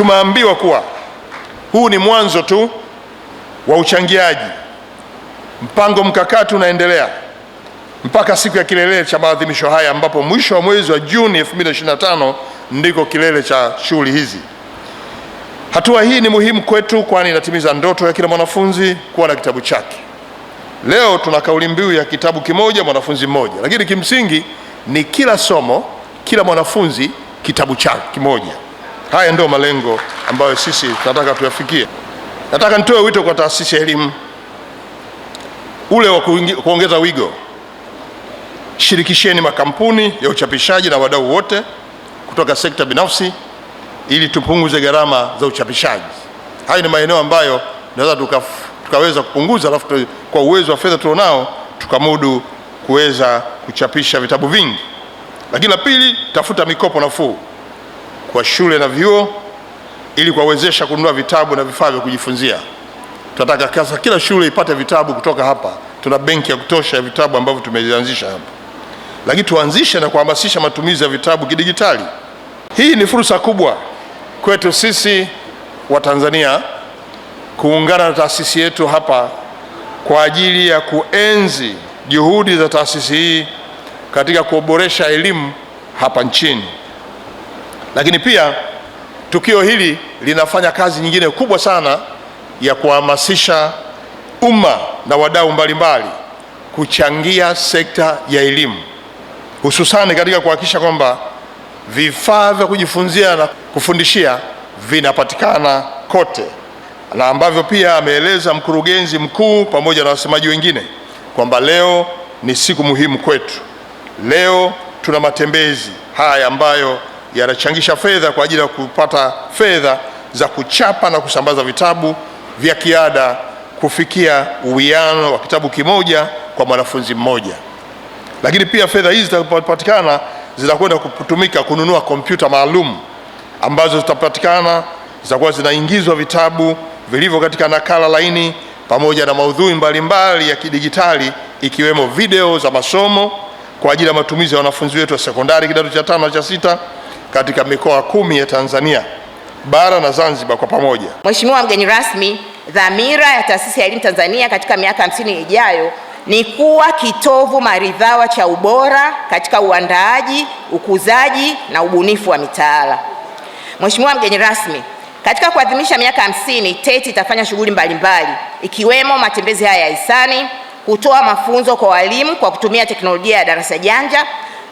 tumeambiwa kuwa huu ni mwanzo tu wa uchangiaji. Mpango mkakati unaendelea mpaka siku ya kilele cha maadhimisho haya ambapo mwisho wa mwezi wa Juni 2025 ndiko kilele cha shughuli hizi. Hatua hii ni muhimu kwetu, kwani inatimiza ndoto ya kila mwanafunzi kuwa na kitabu chake. Leo tuna kauli mbiu ya kitabu kimoja mwanafunzi mmoja, lakini kimsingi ni kila somo, kila mwanafunzi, kitabu chake kimoja. Haya ndio malengo ambayo sisi tunataka tuyafikie. Nataka nitoe wito kwa taasisi ya elimu ule wa kuongeza wigo. Shirikisheni makampuni ya uchapishaji na wadau wote kutoka sekta binafsi ili tupunguze gharama za uchapishaji. haya ni maeneo ambayo tunaweza tuka, tukaweza kupunguza, alafu kwa uwezo wa fedha tulionao tukamudu kuweza kuchapisha vitabu vingi. Lakini la pili, tafuta mikopo nafuu kwa shule na vyuo ili kuwawezesha kununua vitabu na vifaa vya kujifunzia. Tunataka kasa kila shule ipate vitabu kutoka hapa. Tuna benki ya kutosha ya vitabu ambavyo tumeanzisha hapa, lakini tuanzishe na kuhamasisha matumizi ya vitabu kidijitali. Hii ni fursa kubwa kwetu sisi wa Tanzania kuungana na taasisi yetu hapa kwa ajili ya kuenzi juhudi za taasisi hii katika kuboresha elimu hapa nchini. Lakini pia tukio hili linafanya kazi nyingine kubwa sana ya kuhamasisha umma na wadau mbalimbali kuchangia sekta ya elimu, hususani katika kuhakikisha kwamba vifaa vya kujifunzia na kufundishia vinapatikana kote, na ambavyo pia ameeleza mkurugenzi mkuu pamoja na wasemaji wengine kwamba leo ni siku muhimu kwetu. Leo tuna matembezi haya ambayo yanachangisha fedha kwa ajili ya kupata fedha za kuchapa na kusambaza vitabu vya kiada kufikia uwiano wa kitabu kimoja kwa mwanafunzi mmoja. Lakini pia fedha hizi zitapatikana zitakwenda kutumika kununua kompyuta maalum ambazo zitapatikana zitakuwa zinaingizwa vitabu vilivyo katika nakala laini pamoja na maudhui mbalimbali mbali ya kidijitali ikiwemo video za masomo kwa ajili ya matumizi ya wanafunzi wetu wa sekondari kidato cha tano na cha sita katika mikoa kumi ya Tanzania bara na Zanzibar kwa pamoja. Mheshimiwa mgeni rasmi, dhamira ya Taasisi ya Elimu Tanzania katika miaka 50 ijayo ni kuwa kitovu maridhawa cha ubora katika uandaaji, ukuzaji na ubunifu wa mitaala. Mheshimiwa mgeni rasmi, katika kuadhimisha miaka hamsini, TETI itafanya shughuli mbalimbali ikiwemo matembezi haya ya hisani, kutoa mafunzo kwa walimu kwa kutumia teknolojia ya darasa janja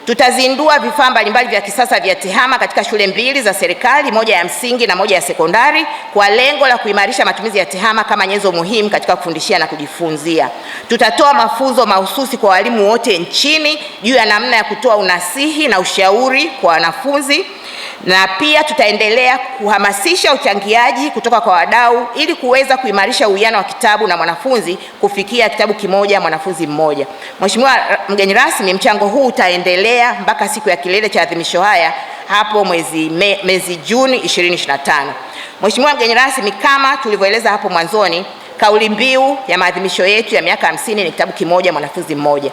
Tutazindua vifaa mbalimbali vya kisasa vya TEHAMA katika shule mbili za serikali, moja ya msingi na moja ya sekondari, kwa lengo la kuimarisha matumizi ya TEHAMA kama nyenzo muhimu katika kufundishia na kujifunzia. Tutatoa mafunzo mahususi kwa walimu wote nchini juu ya namna ya kutoa unasihi na ushauri kwa wanafunzi na pia tutaendelea kuhamasisha uchangiaji kutoka kwa wadau ili kuweza kuimarisha uwiano wa kitabu na mwanafunzi kufikia kitabu kimoja mwanafunzi mmoja. Mheshimiwa mgeni rasmi, mchango huu utaendelea mpaka siku ya kilele cha adhimisho haya hapo mwezi, me, mwezi Juni 2025. Mheshimiwa mgeni rasmi, kama tulivyoeleza hapo mwanzoni, kauli mbiu ya maadhimisho yetu ya miaka 50 ni kitabu kimoja mwanafunzi mmoja.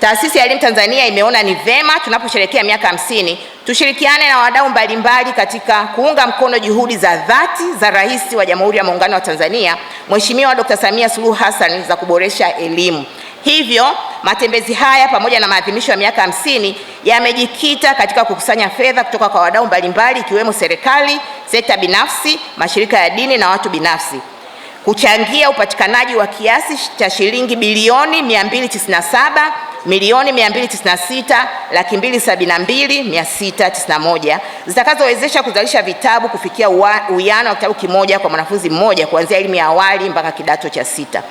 Taasisi ya Elimu Tanzania imeona ni vema tunaposherehekea miaka hamsini tushirikiane na wadau mbalimbali katika kuunga mkono juhudi za dhati za Rais wa Jamhuri ya Muungano wa Tanzania Mheshimiwa Dr. Samia Suluhu Hassan za kuboresha elimu. Hivyo matembezi haya pamoja na maadhimisho ya miaka hamsini yamejikita katika kukusanya fedha kutoka kwa wadau mbalimbali ikiwemo serikali, sekta binafsi, mashirika ya dini na watu binafsi kuchangia upatikanaji wa kiasi cha shilingi bilioni 297 milioni 296 laki 272691 zitakazowezesha kuzalisha vitabu kufikia uwiano wa kitabu kimoja kwa mwanafunzi mmoja kuanzia elimu ya awali mpaka kidato cha sita.